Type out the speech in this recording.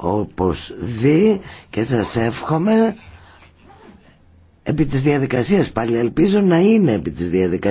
όπως δει και σας εύχομαι επί της διαδικασίας πάλι ελπίζω να είναι επί της διαδικασίας